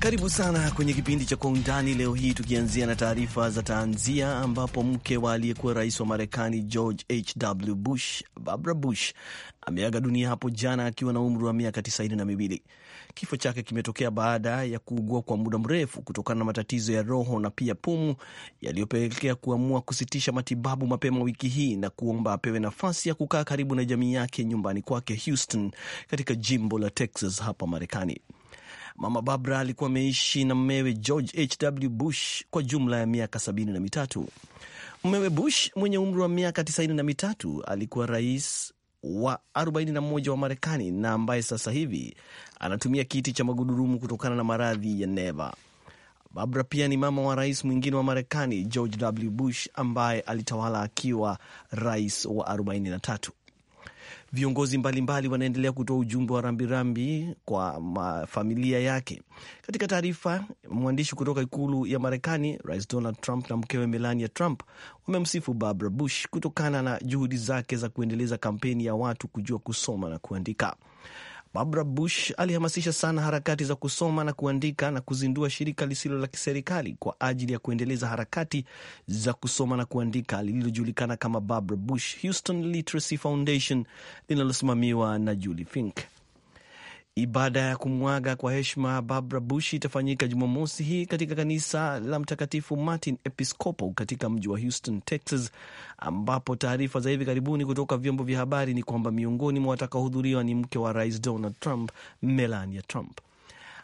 Karibu sana kwenye kipindi cha Kwa Undani leo hii, tukianzia na taarifa za tanzia, ambapo mke wa aliyekuwa rais wa Marekani George HW Bush, Barbara Bush, ameaga dunia hapo jana akiwa na umri wa miaka tisaini na miwili. Kifo chake kimetokea baada ya kuugua kwa muda mrefu kutokana na matatizo ya roho na pia pumu yaliyopelekea kuamua kusitisha matibabu mapema wiki hii na kuomba apewe nafasi ya kukaa karibu na jamii yake nyumbani kwake Houston, katika jimbo la Texas hapa Marekani. Mama Barbara alikuwa ameishi na mmewe George H.W. Bush kwa jumla ya miaka sabini na mitatu. Mmewe Bush mwenye umri wa miaka tisaini na mitatu alikuwa rais wa 41 wa Marekani na ambaye sasa hivi anatumia kiti cha magudurumu kutokana na maradhi ya neva. Barbara pia ni mama wa rais mwingine wa Marekani George W. Bush ambaye alitawala akiwa rais wa 43 viongozi mbalimbali wanaendelea kutoa ujumbe wa rambirambi kwa familia yake. Katika taarifa mwandishi kutoka ikulu ya Marekani, Rais Donald Trump na mkewe Melania Trump wamemsifu Barbara Bush kutokana na juhudi zake za kuendeleza kampeni ya watu kujua kusoma na kuandika. Barbara Bush alihamasisha sana harakati za kusoma na kuandika na kuzindua shirika lisilo la kiserikali kwa ajili ya kuendeleza harakati za kusoma na kuandika lililojulikana kama Barbara Bush Houston Literacy Foundation linalosimamiwa na Julie Fink. Ibada ya kumwaga kwa heshima Barbara Bush itafanyika Jumamosi hii katika kanisa la Mtakatifu Martin Episcopal katika mji wa Houston, Texas, ambapo taarifa za hivi karibuni kutoka vyombo vya habari ni kwamba miongoni mwa watakaohudhuriwa ni mke wa rais Donald Trump, Melania Trump.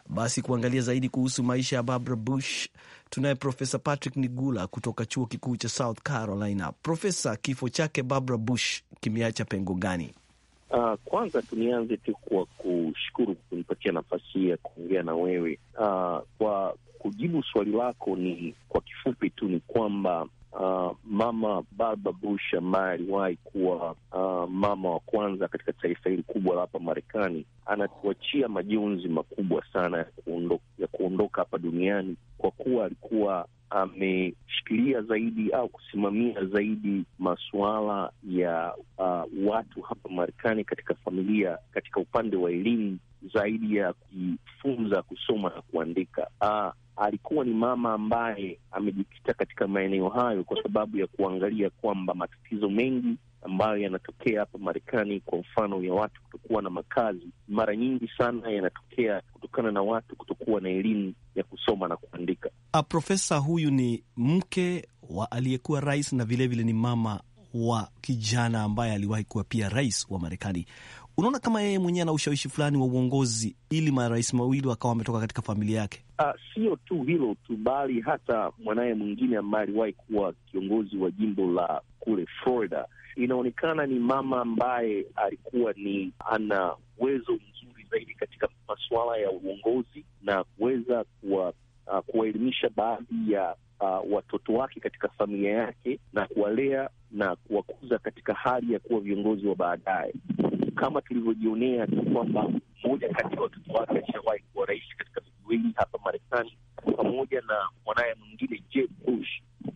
Basi kuangalia zaidi kuhusu maisha ya Barbara Bush tunaye Profesa Patrick Nigula kutoka chuo kikuu cha South Carolina. Profesa, kifo chake Barbara Bush kimeacha pengo gani? Uh, kwanza tunianze tu kwa kushukuru kunipatia nafasi hii ya kuongea na wewe. Uh, kwa kujibu swali lako ni kwa kifupi tu ni kwamba uh, mama Barbara Bush ambaye aliwahi kuwa uh, mama wa kwanza katika taifa hili kubwa la hapa Marekani, anatuachia majonzi makubwa sana ya, ya kuondoka hapa duniani kwa kuwa alikuwa ameshikilia zaidi au kusimamia zaidi masuala ya uh, watu hapa Marekani katika familia, katika upande wa elimu zaidi ya kujifunza kusoma na kuandika uh, alikuwa ni mama ambaye amejikita katika maeneo hayo kwa sababu ya kuangalia kwamba matatizo mengi ambayo yanatokea hapa Marekani, kwa mfano ya watu kutokuwa na makazi, mara nyingi sana yanatokea kutokana na watu kutokuwa na elimu ya kusoma na kuandika. Ah, profesa huyu ni mke wa aliyekuwa rais na vilevile ni mama wa kijana ambaye aliwahi kuwa pia rais wa Marekani. Unaona kama yeye mwenyewe ana ushawishi fulani wa uongozi, ili marais mawili wakawa wametoka katika familia yake. Ah, sio tu hilo tu, bali hata mwanaye mwingine ambaye aliwahi kuwa kiongozi wa jimbo la kule Florida. Inaonekana ni mama ambaye alikuwa ni ana uwezo mzuri zaidi katika masuala ya uongozi na kuweza ah, kuwaelimisha uh, baadhi ya uh, watoto wake katika familia yake na kuwalea na kuwakuza katika hali ya kuwa viongozi wa baadaye, kama tulivyojionea tu kwamba mmoja kati ya watoto wake alishawahi kuwa rais katika wengi hapa Marekani, pamoja na mwanaye mwingine Jeb Bush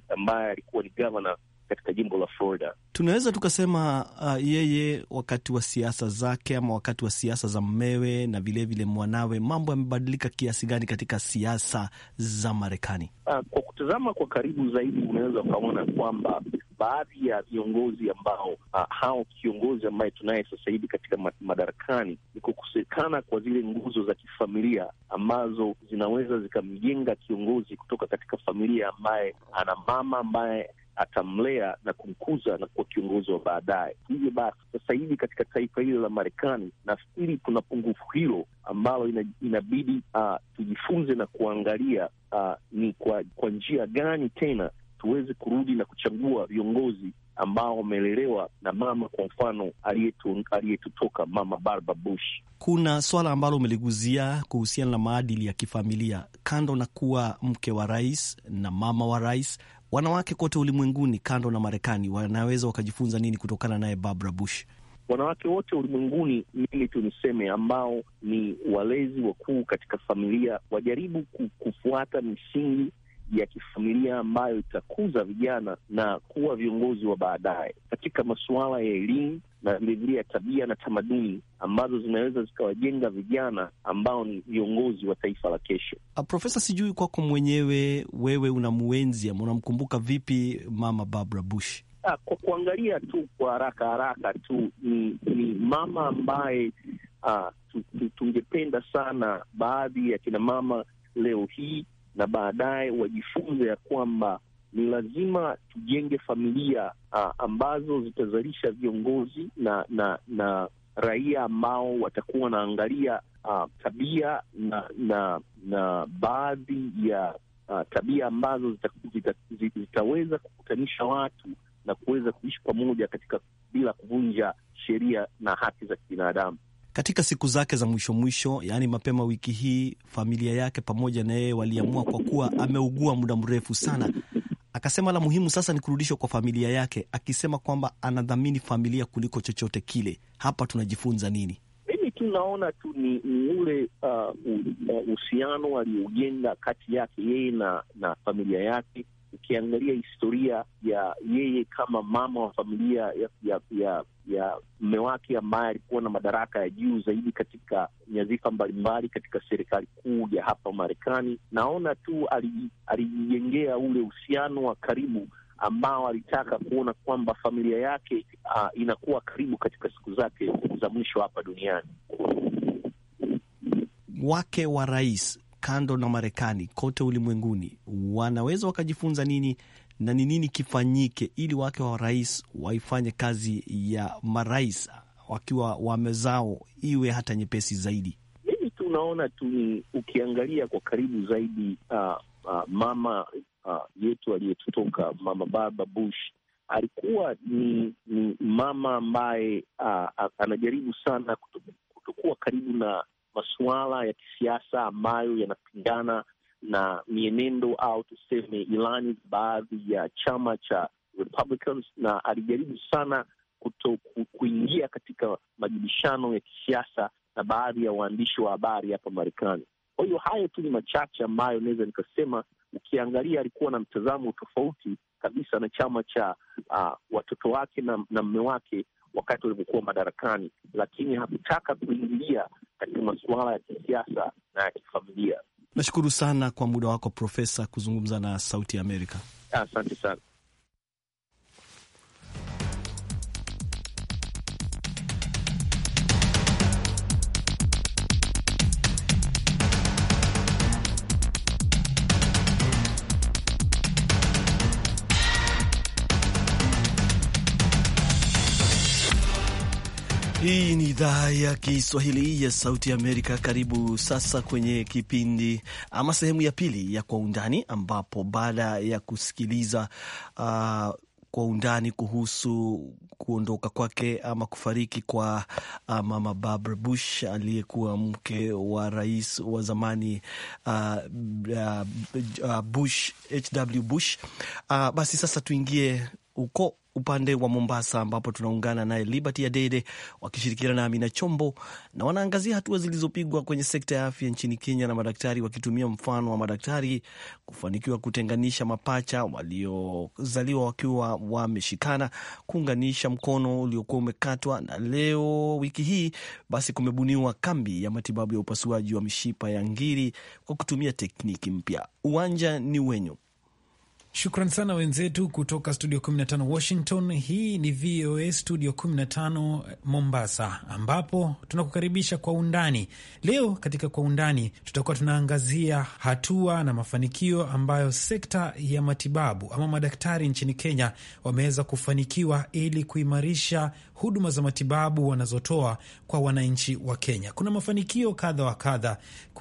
ambaye alikuwa ni gavana katika jimbo la Florida. Tunaweza tukasema uh, yeye wakati wa siasa zake ama wakati wa siasa za mmewe na vilevile mwanawe, mambo yamebadilika kiasi gani katika siasa za Marekani? Uh, kwa kutazama kwa karibu zaidi unaweza ukaona kwamba baadhi ya viongozi ambao uh, hao kiongozi ambaye tunaye sasa hivi katika madarakani ni kukosekana kwa zile nguzo za kifamilia ambazo zinaweza zikamjenga kiongozi kutoka katika familia ambaye ana mama ambaye atamlea na kumkuza na kuwa kiongozi wa baadaye. Hivyo basi, sasa hivi katika taifa hilo la Marekani nafikiri kuna pungufu hilo ambalo ina, inabidi uh, tujifunze na kuangalia uh, ni kwa, kwa njia gani tena tuweze kurudi na kuchagua viongozi ambao wamelelewa na mama, kwa mfano aliyetutoka mama Barbara Bush. Kuna swala ambalo umeliguzia kuhusiana na maadili ya kifamilia. Kando na kuwa mke wa rais na mama wa rais, wanawake kote ulimwenguni, kando na Marekani, wanaweza wakajifunza nini kutokana naye Barbara Bush? Wanawake wote ulimwenguni, mimi tu niseme, ambao ni walezi wakuu katika familia, wajaribu kufuata misingi ya kifamilia ambayo itakuza vijana na kuwa viongozi wa baadaye katika masuala ya elimu na vilevile ya tabia na tamaduni ambazo zinaweza zikawajenga vijana ambao ni viongozi wa taifa la kesho. Ah, Profesa, sijui kwako mwenyewe, wewe unamwenzi ama unamkumbuka vipi mama Barbara Bush? Ha, ah, kwa kuangalia tu kwa haraka haraka tu ni, ni mama ambaye ah, tungependa sana baadhi ya kina mama leo hii na baadaye wajifunze ya kwamba ni lazima tujenge familia uh, ambazo zitazalisha viongozi na na na raia ambao watakuwa wanaangalia uh, tabia na na na baadhi ya uh, tabia ambazo zita, zita, zita, zitaweza kukutanisha watu na kuweza kuishi pamoja katika bila kuvunja sheria na haki za kibinadamu. Katika siku zake za mwisho mwisho, yaani mapema wiki hii, familia yake pamoja na yeye waliamua, kwa kuwa ameugua muda mrefu sana, akasema la muhimu sasa ni kurudishwa kwa familia yake, akisema kwamba anadhamini familia kuliko chochote kile. Hapa tunajifunza nini? Mimi tu naona tu ni ule uh, uh, uhusiano aliyoujenga kati yake yeye na, na familia yake ukiangalia historia ya yeye kama mama wa familia ya ya ya ya mme wake ambaye alikuwa na madaraka ya juu zaidi katika nyadhifa mbalimbali katika serikali kuu ya hapa Marekani, naona tu alijijengea ule uhusiano wa karibu ambao alitaka kuona kwamba familia yake uh, inakuwa karibu katika siku zake za mwisho hapa duniani. Wake wa rais kando na Marekani, kote ulimwenguni wanaweza wakajifunza nini na ni nini kifanyike ili wake wa rais waifanye kazi ya marais wakiwa wamezao iwe hata nyepesi zaidi? Mimi tunaona tu ni ukiangalia kwa karibu zaidi uh, uh, mama uh, yetu aliyetutoka mama baba Bush alikuwa ni, ni mama ambaye uh, anajaribu sana kutokuwa karibu na masuala ya kisiasa ambayo yanapingana na mienendo au tuseme ilani za baadhi ya chama cha Republicans, na alijaribu sana kuto kuingia katika majibishano ya kisiasa na baadhi ya waandishi wa habari hapa Marekani. Kwa hiyo hayo tu ni machache ambayo naweza nikasema, ukiangalia alikuwa na mtazamo tofauti kabisa na chama cha uh, watoto wake na, na mme wake wakati walivyokuwa madarakani, lakini hakutaka kuingilia katika masuala ya kisiasa na ya kifamilia. Nashukuru sana kwa muda wako Profesa, kuzungumza na Sauti ya Amerika. Asante sana. Hii ni idhaa ya Kiswahili ya Sauti ya Amerika. Karibu sasa kwenye kipindi ama sehemu ya pili ya Kwa Undani, ambapo baada ya kusikiliza uh, kwa undani kuhusu kuondoka kwake ama kufariki kwa uh, mama Barbara Bush aliyekuwa mke wa rais wa zamani uh, uh, Bush, HW Bush. Uh, basi sasa tuingie huko upande wa Mombasa, ambapo tunaungana naye Liberty Adede wakishirikiana na Amina Chombo, na wanaangazia hatua zilizopigwa kwenye sekta ya afya nchini Kenya na madaktari wakitumia mfano wa madaktari kufanikiwa kutenganisha mapacha waliozaliwa wakiwa wameshikana, kuunganisha mkono uliokuwa umekatwa, na leo wiki hii basi kumebuniwa kambi ya matibabu ya upasuaji wa mishipa ya ngiri kwa kutumia tekniki mpya. Uwanja ni wenyu. Shukran sana wenzetu kutoka studio 15 Washington. Hii ni VOA studio 15 Mombasa, ambapo tunakukaribisha kwa undani leo. Katika kwa undani, tutakuwa tunaangazia hatua na mafanikio ambayo sekta ya matibabu ama madaktari nchini Kenya wameweza kufanikiwa ili kuimarisha huduma za matibabu wanazotoa kwa wananchi wa Kenya. Kuna mafanikio kadha wa kadha,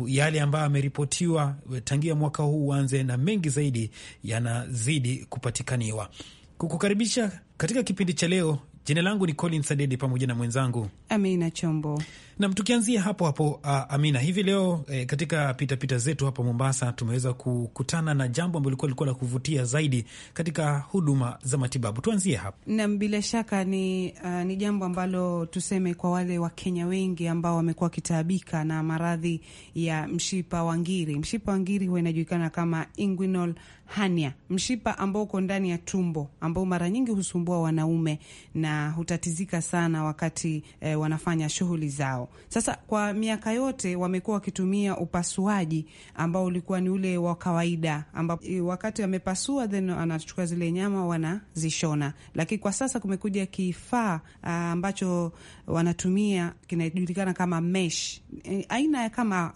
yale ambayo yameripotiwa tangia mwaka huu uanze, na mengi zaidi yana zinazidi kupatikaniwa. Kukukaribisha katika kipindi cha leo, jina langu ni Colin Sadedi pamoja na mwenzangu Amina Chombo. Nam, tukianzia hapo hapo, uh, Amina, hivi leo eh, katika pitapita zetu hapa Mombasa tumeweza kukutana na jambo ambalo likuwa likuwa la kuvutia zaidi katika huduma za matibabu. Tuanzie hapo. Nam, bila shaka ni, uh, ni jambo ambalo tuseme kwa wale Wakenya wengi ambao wamekuwa wakitaabika na maradhi ya mshipa wa ngiri. Mshipa wa ngiri huwa inajulikana kama inguinal hernia, mshipa ambao uko ndani ya tumbo ambao mara nyingi husumbua wanaume na hutatizika sana wakati eh, wanafanya shughuli zao. Sasa kwa miaka yote wamekuwa wakitumia upasuaji ambao ulikuwa ni ule wa kawaida, ambapo wakati wamepasua, then anachukua zile nyama wanazishona. Lakini kwa sasa kumekuja kifaa ambacho wanatumia kinajulikana kama mesh, e, aina ya kama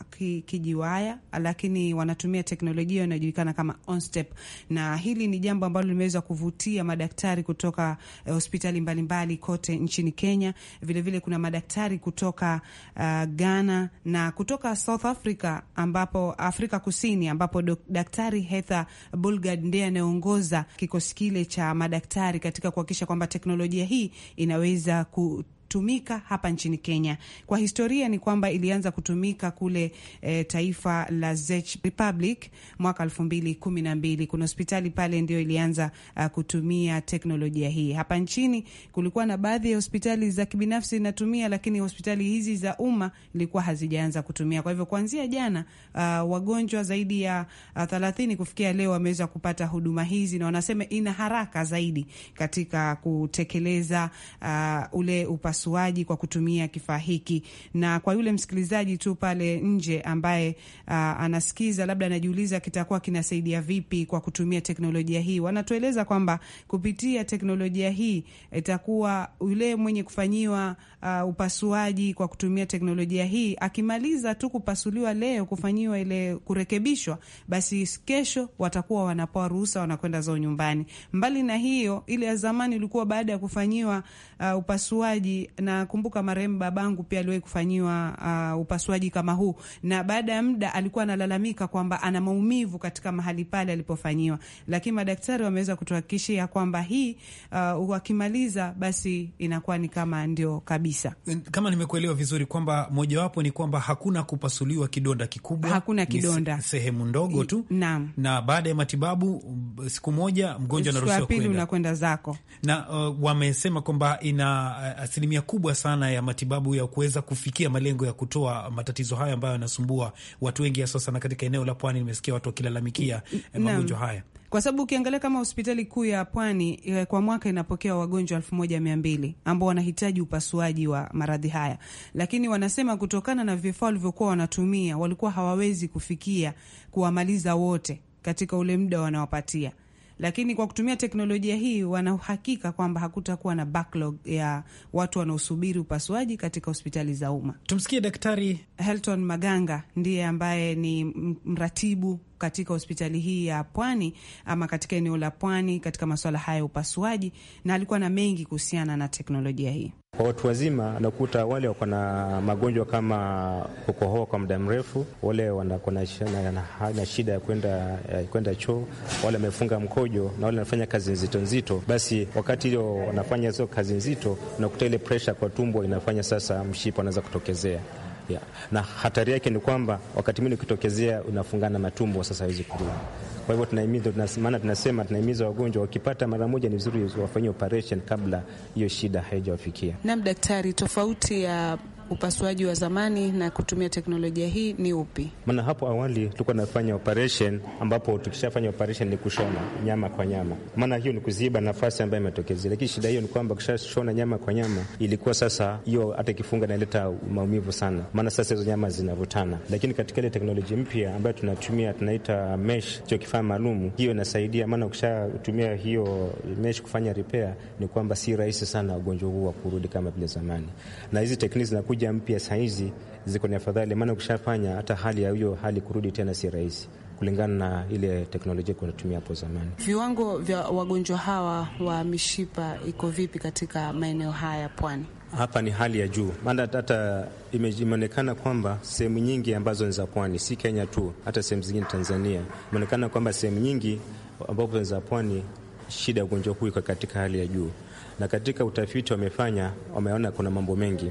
kijiwaya, lakini wanatumia teknolojia inayojulikana kama Onstep, na hili ni jambo ambalo limeweza kuvutia madaktari kutoka e, hospitali mbalimbali kote nchini Kenya. Vilevile vile kuna madaktari kutoka uh, Ghana na kutoka South Africa ambapo Afrika Kusini ambapo Daktari Heather Bulgard ndiye anayeongoza kikosi kile cha madaktari katika kuhakikisha kwamba teknolojia hii inaweza ku tumika hapa nchini Kenya. Kwa historia ni kwamba ilianza kutumika kule e, taifa la Czech Republic mwaka mbili. Kuna hospitali pale ndio ilianza a, ah, kutumia teknolojia hii. Hapa nchini kulikuwa na baadhi ya hospitali za kibinafsi inatumia, lakini hospitali hizi za umma ilikuwa hazijaanza kutumia. Kwa hivyo kuanzia jana a, ah, wagonjwa zaidi ya ah, thelathini kufikia leo wameweza kupata huduma hizi na wanasema ina haraka zaidi katika kutekeleza a, ule upasu upasuaji kwa kutumia kifaa hiki. Na kwa yule msikilizaji tu pale nje ambaye uh, anasikiza labda anajiuliza kitakuwa kinasaidia vipi kwa kutumia teknolojia hii, wanatueleza kwamba kupitia teknolojia hii itakuwa yule mwenye kufanyiwa uh, upasuaji kwa kutumia teknolojia hii akimaliza tu kupasuliwa leo, kufanyiwa ile kurekebishwa, basi kesho watakuwa wanapoa ruhusa, wanakwenda zao nyumbani. Mbali na hiyo, ile ya zamani ilikuwa baada ya kufanyiwa uh, upasuaji nakumbuka marehemu babangu pia aliwahi kufanyiwa uh, upasuaji kama huu, na baada ya muda alikuwa analalamika kwamba ana maumivu katika mahali pale alipofanyiwa, lakini madaktari wameweza kutuhakikishia kwamba hii uh, wakimaliza basi inakuwa ni kama ndio kabisa. Eh, kama nimekuelewa vizuri kwamba mojawapo ni kwamba hakuna kupasuliwa kidonda kikubwa, hakuna kidonda, sehemu ndogo tu na, na baada ya matibabu siku moja mgonjwa anaruhusiwa kwenda, unakwenda zako na uh, wamesema kwamba ina uh, asilimia asilimia kubwa sana ya matibabu ya kuweza kufikia malengo ya kutoa matatizo hayo ambayo yanasumbua watu wengi, hasa sana katika eneo la pwani. Nimesikia watu wakilalamikia eh, magonjwa haya kwa sababu ukiangalia kama hospitali kuu ya Pwani eh, kwa mwaka inapokea wagonjwa elfu moja mia mbili ambao wanahitaji upasuaji wa maradhi haya, lakini wanasema kutokana na vifaa walivyokuwa wanatumia walikuwa hawawezi kufikia kuwamaliza wote katika ule muda wanawapatia lakini kwa kutumia teknolojia hii wanahakika kwamba hakutakuwa na backlog ya watu wanaosubiri upasuaji katika hospitali za umma. Tumsikie Daktari Helton Maganga, ndiye ambaye ni mratibu katika hospitali hii ya Pwani ama katika eneo la Pwani katika masuala haya ya upasuaji, na alikuwa na mengi kuhusiana na teknolojia hii. Kwa watu wazima, nakuta wale wako na magonjwa kama kukohoa kwa muda mrefu, wale wako na shida ya kwenda kwenda choo, wale wamefunga mkojo, na wale wanafanya kazi nzito nzito, basi wakati hiyo wanafanya hizo kazi nzito, unakuta ile presha kwa tumbo inafanya sasa mshipa anaweza kutokezea yeah. Na hatari yake ni kwamba wakati mwingine ukitokezea unafungana matumbo, sasa hawezi kurudi. Kwa hivyo tunahimiza, maana tunasema tunahimiza wagonjwa wakipata mara moja, ni vizuri wafanyie operation kabla hiyo shida haijawafikia. Naam, daktari, tofauti ya upasuaji wa zamani na kutumia teknolojia hii ni upi? Maana hapo awali tulikuwa nafanya operation, ambapo tukishafanya operation ni kushona nyama kwa nyama, maana hiyo ni kuziba nafasi ambayo imetokeza. Lakini shida hiyo ni kwamba kushashona nyama kwa nyama, ilikuwa sasa hiyo hata ikifunga inaleta maumivu sana, maana sasa hizo nyama zinavutana. Lakini katika ile teknolojia mpya ambayo tunatumia tunaita mesh, hicho kifaa maalum, hiyo inasaidia, maana ukishatumia hiyo mesh kufanya repair, ni kwamba si rahisi sana ugonjwa huu wa kurudi kama vile zamani, na hizi tekniki zinakuja teknolojia mpya hizi ziko ni afadhali, maana ukishafanya hata hali ya hiyo hali kurudi tena si rahisi kulingana na ile teknolojia kunatumia hapo zamani. Viwango vya wagonjwa hawa wa mishipa iko vipi katika maeneo haya ya pwani? Hapa ni hali ya juu, maana hata imeonekana kwamba sehemu nyingi ambazo ni za pwani, si Kenya tu, hata sehemu zingine Tanzania, imeonekana kwamba sehemu nyingi ambapo ni za pwani, shida ya ugonjwa huu iko katika hali ya juu, na katika utafiti wamefanya, wameona kuna mambo mengi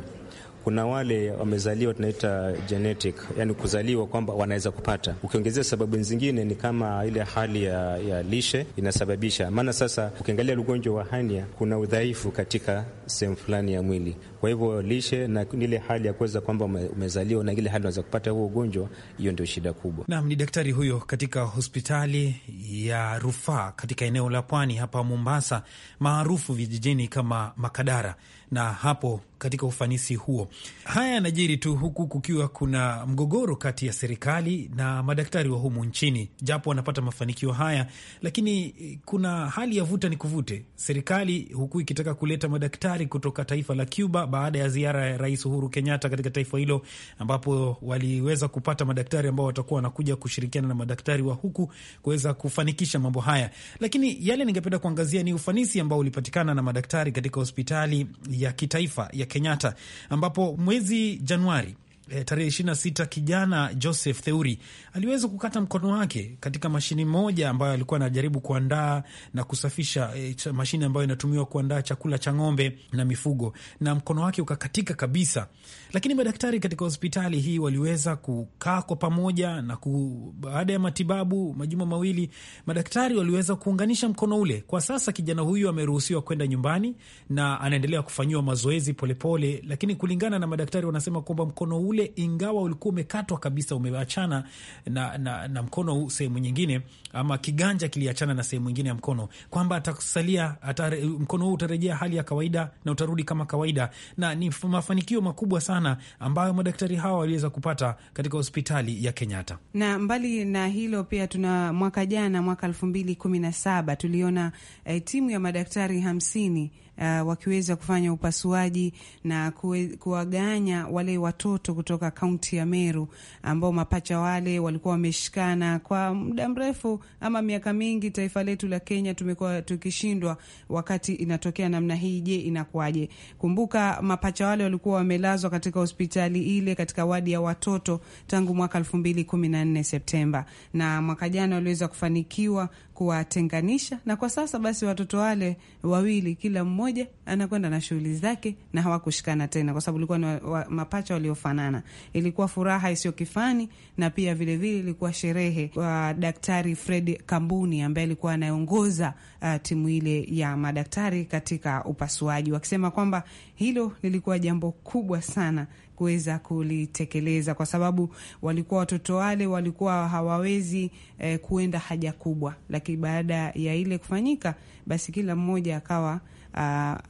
kuna wale wamezaliwa tunaita genetic, yani kuzaliwa kwamba wanaweza kupata. Ukiongezea sababu zingine ni kama ile hali ya, ya lishe inasababisha, maana sasa ukiangalia ugonjwa wa hania kuna udhaifu katika sehemu fulani ya mwili, kwa hivyo lishe na ile hali ya kuweza kwamba umezaliwa na ile hali unaweza kupata huo ugonjwa, hiyo ndio shida kubwa. Naam, ni daktari huyo katika hospitali ya rufaa katika eneo la pwani hapa Mombasa, maarufu vijijini kama Makadara, na hapo katika ufanisi huo. Haya yanajiri tu huku kukiwa kuna mgogoro kati ya serikali na madaktari wa humu nchini, japo wanapata mafanikio haya, lakini eh, kuna hali ya vuta ni kuvute, serikali huku ikitaka kuleta madaktari kutoka taifa la Cuba baada ya ziara ya Rais Uhuru Kenyatta katika taifa hilo, ambapo waliweza kupata madaktari ambao watakuwa wanakuja kushirikiana na madaktari wa huku kuweza kufanikisha mambo haya. Lakini yale ningependa kuangazia ni ufanisi ambao ulipatikana na madaktari katika hospitali ya kitaifa ya Kenyatta, ambapo mwezi Januari eh, tarehe na sita kijana Joseph Theuri aliweza kukata mkono wake katika mashini moja ambayo alikuwa anajaribu kuandaa na kusafisha eh, mashini ambayo inatumiwa kuandaa chakula cha ng'ombe na mifugo, na mkono wake ukakatika kabisa. Lakini madaktari katika hospitali hii waliweza kukaa kwa pamoja na ku, baada ya matibabu majuma mawili, madaktari waliweza kuunganisha mkono ule. Kwa sasa kijana huyu ameruhusiwa kwenda nyumbani na anaendelea kufanyiwa mazoezi polepole, lakini kulingana na madaktari wanasema kwamba mkono ule ule, ingawa ulikuwa umekatwa kabisa, umeachana na, na, na mkono sehemu nyingine, ama kiganja kiliachana na sehemu nyingine ya mkono, kwamba atasalia atare, mkono huu utarejea hali ya kawaida na utarudi kama kawaida, na ni mafanikio makubwa sana ambayo madaktari hawa waliweza kupata katika hospitali ya Kenyatta. Na mbali na hilo pia tuna mwaka jana, mwaka elfu mbili kumi na saba tuliona eh, timu ya madaktari hamsini uh, wakiweza kufanya upasuaji na kuwaganya wale watoto kutoka kaunti ya Meru ambao mapacha wale walikuwa wameshikana kwa muda mrefu ama miaka mingi. Taifa letu la Kenya tumekuwa tukishindwa wakati inatokea namna hii. Je, inakuwaje? Kumbuka mapacha wale walikuwa wamelazwa katika hospitali ile katika wadi ya watoto tangu mwaka 2014 Septemba, na mwaka jana waliweza kufanikiwa kuwatenganisha, na kwa sasa basi watoto wale wawili, kila mmoja anakwenda na shughuli zake na hawakushikana tena, kwa sababu ilikuwa ni wa, mapacha waliofanana. Ilikuwa furaha isiyo kifani, na pia vilevile ilikuwa sherehe kwa Daktari Fred Kambuni ambaye alikuwa anaongoza uh, timu ile ya madaktari katika upasuaji, wakisema kwamba hilo lilikuwa jambo kubwa sana kuweza kulitekeleza kwa sababu walikuwa watoto wale walikuwa hawawezi eh, kuenda haja kubwa, lakini baada ya ile kufanyika, basi kila mmoja akawa uh,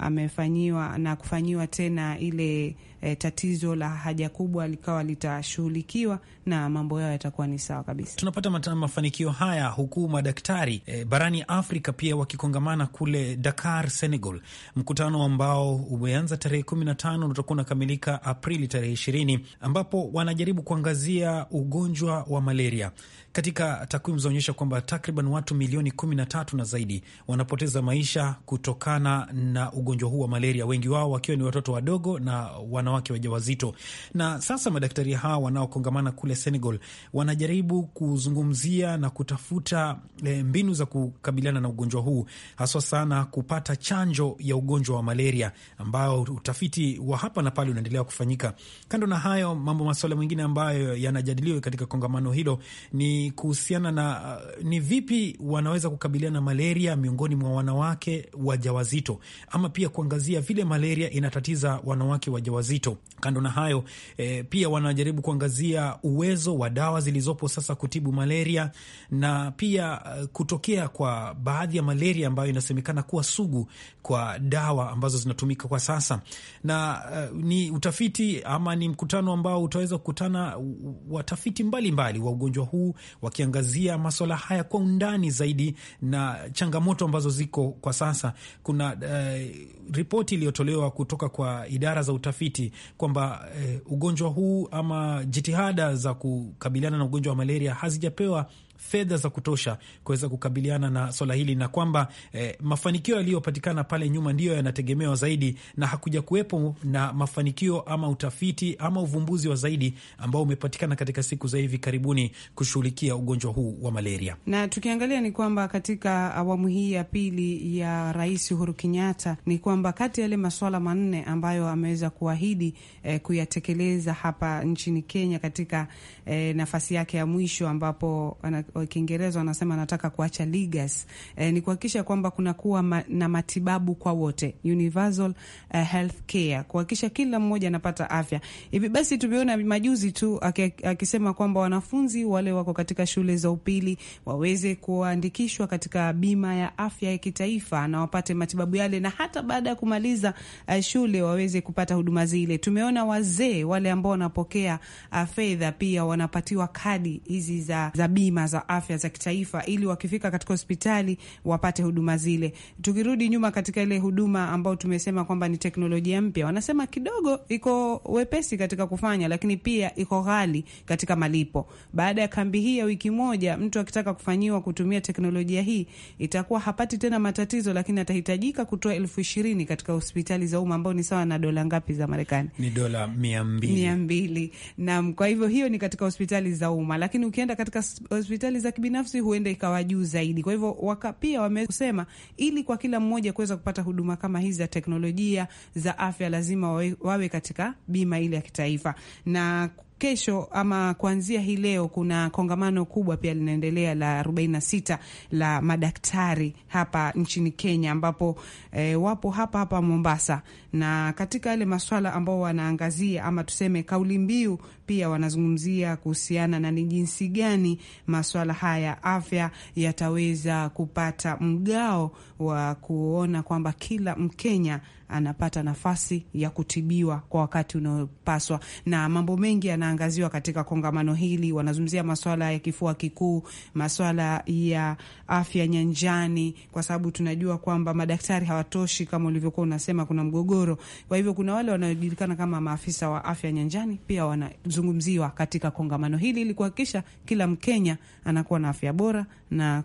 amefanyiwa na kufanyiwa tena ile e, tatizo la haja kubwa likawa litashughulikiwa na mambo yao yatakuwa ni sawa kabisa. Tunapata mafanikio haya huku madaktari e, barani Afrika pia wakikongamana kule Dakar, Senegal, mkutano ambao umeanza tarehe kumi na tano utakuwa unakamilika Aprili tarehe ishirini ambapo wanajaribu kuangazia ugonjwa wa malaria katika takwimu zaonyesha kwamba takriban watu milioni kumi na tatu na zaidi wanapoteza maisha kutokana na ugonjwa huu wa malaria, wengi wao wakiwa ni watoto wadogo na wanawake wajawazito. Na sasa madaktari hawa wanaokongamana kule Senegal wanajaribu kuzungumzia na kutafuta e, mbinu za kukabiliana na ugonjwa huu haswa sana kupata chanjo ya ugonjwa wa malaria ambao utafiti wa hapa na pale unaendelea kufanyika. Kando na hayo, mambo masuala mengine ambayo yanajadiliwa katika kongamano hilo ni kuhusiana na uh, ni vipi wanaweza kukabiliana na malaria miongoni mwa wanawake wajawazito, ama pia kuangazia vile malaria inatatiza wanawake wajawazito. Kando na hayo eh, pia wanajaribu kuangazia uwezo wa dawa zilizopo sasa kutibu malaria na pia uh, kutokea kwa baadhi ya malaria ambayo inasemekana kuwa sugu kwa dawa ambazo zinatumika kwa sasa na uh, ni utafiti ama ni mkutano ambao utaweza kukutana uh, watafiti mbalimbali mbali wa ugonjwa huu wakiangazia maswala haya kwa undani zaidi na changamoto ambazo ziko kwa sasa. Kuna uh, ripoti iliyotolewa kutoka kwa idara za utafiti kwamba uh, ugonjwa huu ama jitihada za kukabiliana na ugonjwa wa malaria hazijapewa fedha za kutosha kuweza kukabiliana na swala hili, na kwamba eh, mafanikio yaliyopatikana pale nyuma ndiyo yanategemewa zaidi, na hakuja kuwepo na mafanikio ama utafiti ama uvumbuzi wa zaidi ambao umepatikana katika siku za hivi karibuni kushughulikia ugonjwa huu wa malaria. Na tukiangalia ni kwamba katika awamu hii ya pili ya Rais Uhuru Kenyatta ni kwamba kati ya yale masuala manne ambayo ameweza kuahidi eh, kuyatekeleza hapa nchini Kenya katika eh, nafasi yake ya mwisho ambapo ana, Kiingereza wanasema nataka kuacha ligas, eh, ni kuhakikisha kwamba kunakuwa ma, na matibabu kwa wote universal uh, health care, kuhakikisha kila mmoja anapata afya. Hivi basi tumeona majuzi tu akisema kwamba wanafunzi wale wako katika shule za upili waweze kuandikishwa katika bima ya afya ya kitaifa na wapate matibabu yale, na hata baada ya kumaliza uh, shule waweze kupata huduma zile. Tumeona wazee wale ambao wanapokea uh, fedha pia wanapatiwa kadi hizi za, za bima za afya za kitaifa, ili wakifika katika hospitali wapate huduma zile. Tukirudi nyuma katika ile huduma ambayo tumesema kwamba ni teknolojia mpya, wanasema kidogo iko wepesi katika kufanya, lakini pia iko ghali katika malipo. Baada ya kambi hii ya wiki moja, mtu akitaka kufanyiwa kutumia teknolojia hii itakuwa hapati tena matatizo, lakini atahitajika kutoa elfu ishirini katika hospitali za umma ambao ni sawa na dola ngapi za Marekani? Ni dola mia mbili. Mia mbili. Naam, kwa hivyo hiyo ni katika hospitali za umma, lakini ukienda katika hospitali hospitali za kibinafsi huenda ikawa juu zaidi. Kwa hivyo waka pia wamesema ili kwa kila mmoja kuweza kupata huduma kama hizi za teknolojia za afya lazima wawe, wawe katika bima ile ya kitaifa na kesho ama kuanzia hii leo kuna kongamano kubwa pia linaendelea la 46 la madaktari hapa nchini Kenya, ambapo e, wapo hapa hapa Mombasa, na katika yale maswala ambao wanaangazia ama tuseme kauli mbiu pia wanazungumzia kuhusiana na ni jinsi gani maswala haya afya yataweza kupata mgao wa kuona kwamba kila Mkenya anapata nafasi ya kutibiwa kwa wakati unaopaswa, na mambo mengi yanaangaziwa katika kongamano hili. Wanazungumzia maswala ya kifua kikuu, maswala ya afya nyanjani, kwa sababu tunajua kwamba madaktari hawatoshi kama ulivyokuwa unasema, kuna mgogoro. Kwa hivyo kuna wale wanaojulikana kama maafisa wa afya nyanjani pia wanazungumziwa katika kongamano hili ili kuhakikisha kila Mkenya anakuwa na afya bora na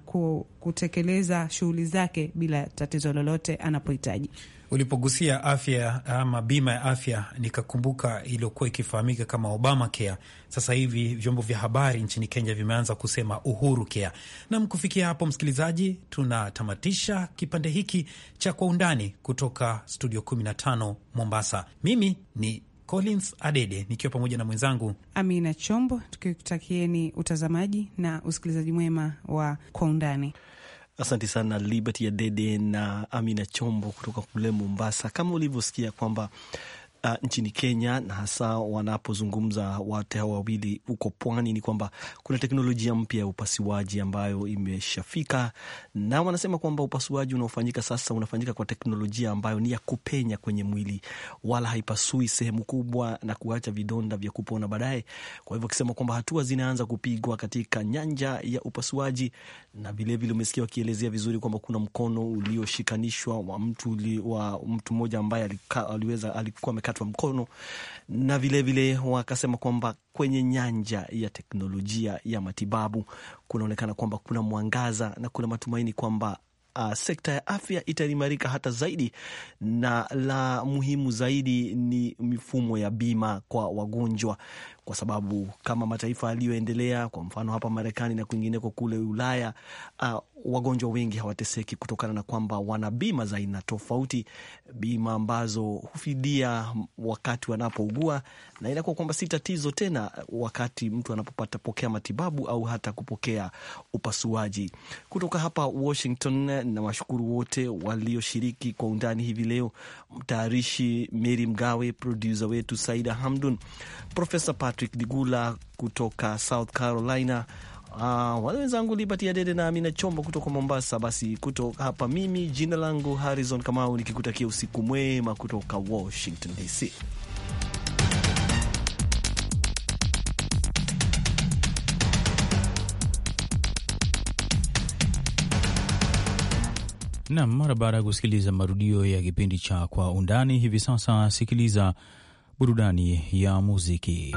kutekeleza shughuli zake bila tatizo lolote anapohitaji. Ulipogusia afya ama bima ya afya, nikakumbuka iliyokuwa ikifahamika kama obama Obamacare. Sasa hivi vyombo vya habari nchini Kenya vimeanza kusema Uhuru Care. Nam, kufikia hapo msikilizaji, tunatamatisha kipande hiki cha Kwa Undani kutoka studio 15 Mombasa. Mimi ni Collins Adede nikiwa pamoja na mwenzangu Amina Chombo, tukikutakieni utazamaji na usikilizaji mwema wa Kwa Undani. Asante sana Liberty ya Dede na Amina Chombo kutoka kule Mombasa. Kama ulivyosikia kwamba uh, nchini Kenya na hasa wanapozungumza wate hawa wawili huko pwani, ni kwamba kuna teknolojia mpya ya upasuaji ambayo imeshafika, na wanasema kwamba upasuaji unaofanyika sasa unafanyika kwa teknolojia ambayo ni ya kupenya kwenye mwili, wala haipasui sehemu kubwa na kuacha vidonda vya kupona baadaye. Kwa hivyo wakisema kwamba hatua zinaanza kupigwa katika nyanja ya upasuaji, na vilevile umesikia wakielezea vizuri kwamba kuna mkono ulioshikanishwa wa mtu mtu mmoja ambaye aliweza alikuwa amekata kukatwa mkono, na vilevile vile wakasema kwamba kwenye nyanja ya teknolojia ya matibabu kunaonekana kwamba kuna mwangaza na kuna matumaini kwamba Uh, sekta ya afya itaimarika hata zaidi, na la muhimu zaidi ni mifumo ya bima kwa wagonjwa, kwa sababu kama mataifa yaliyoendelea, kwa mfano hapa Marekani na kwingineko kule Ulaya, uh, wagonjwa wengi hawateseki kutokana na kwamba wana bima za aina tofauti, bima ambazo hufidia wakati wanapougua, na inakuwa kwamba si tatizo tena wakati mtu anapopata pokea matibabu au hata kupokea upasuaji. Kutoka hapa Washington, na washukuru wote walioshiriki kwa undani hivi leo, mtayarishi Meri Mgawe, produsa wetu Saida Hamdun, Profesa Patrick Digula kutoka South Carolina, uh, wenzangu Liberty Adede na Amina Chombo kutoka Mombasa. Basi kutoka hapa mimi, jina langu Harrison Kamau, nikikutakia usiku mwema kutoka Washington DC. Nam, mara baada ya kusikiliza marudio ya kipindi cha Kwa Undani, hivi sasa sikiliza burudani ya muziki.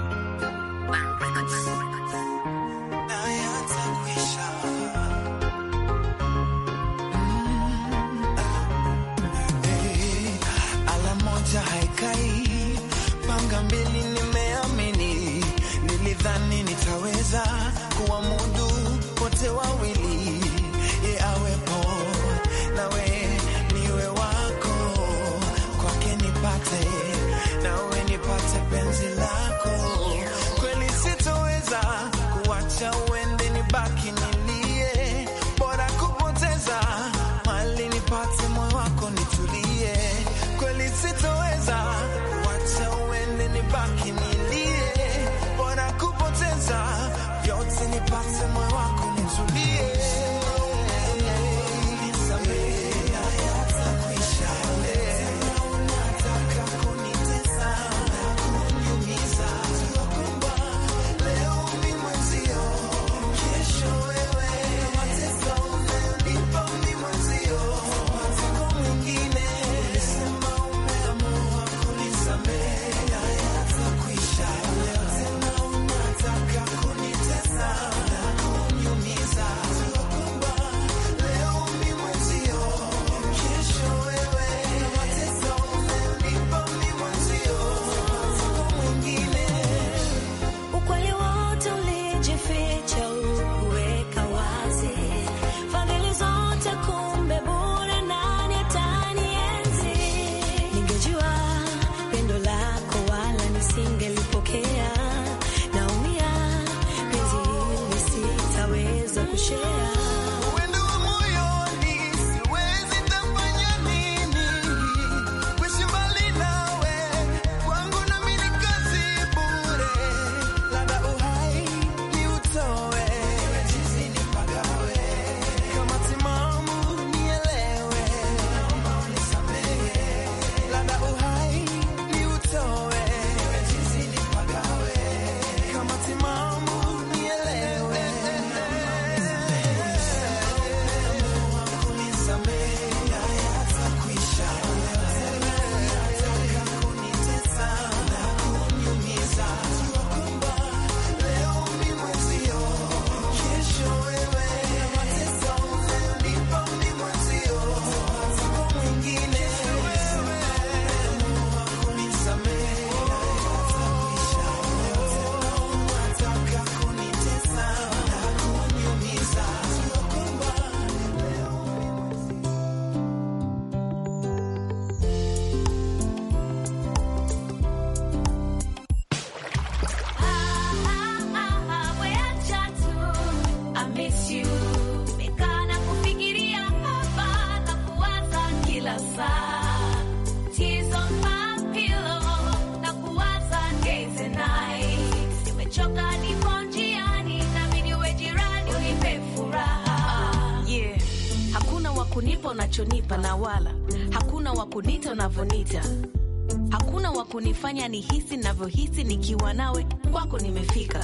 kunifanya nihisi ninavyohisi nikiwa nawe, kwako nimefika.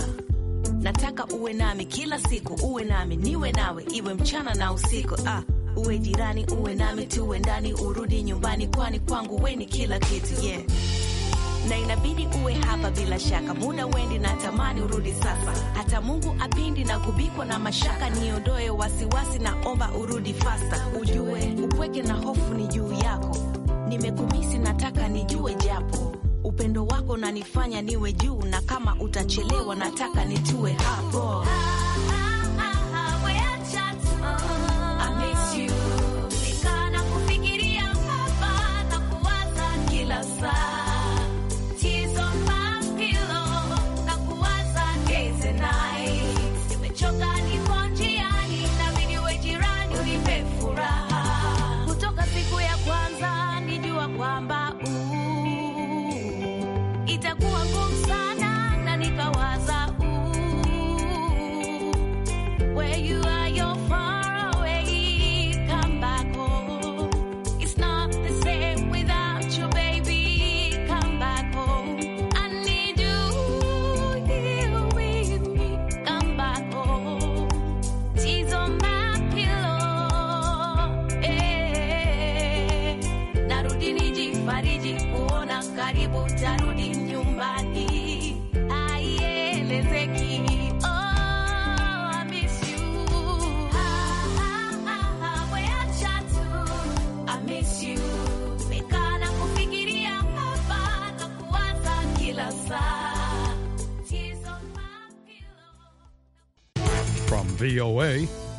Nataka uwe nami kila siku, uwe nami niwe nawe, iwe mchana na usiku. Ah, uwe jirani, uwe nami tuwe ndani, urudi nyumbani, kwani kwangu weni kila kitu yeah. Na inabidi uwe hapa bila shaka, muda wendi na tamani urudi sasa. Hata Mungu apindi na kubikwa na mashaka, niondoe wasiwasi, naomba urudi fasta, ujue upweke na hofu ni juu yako, nimekumisi nataka nijue japo upendo wako nanifanya niwe juu, na kama utachelewa nataka nitue hapo.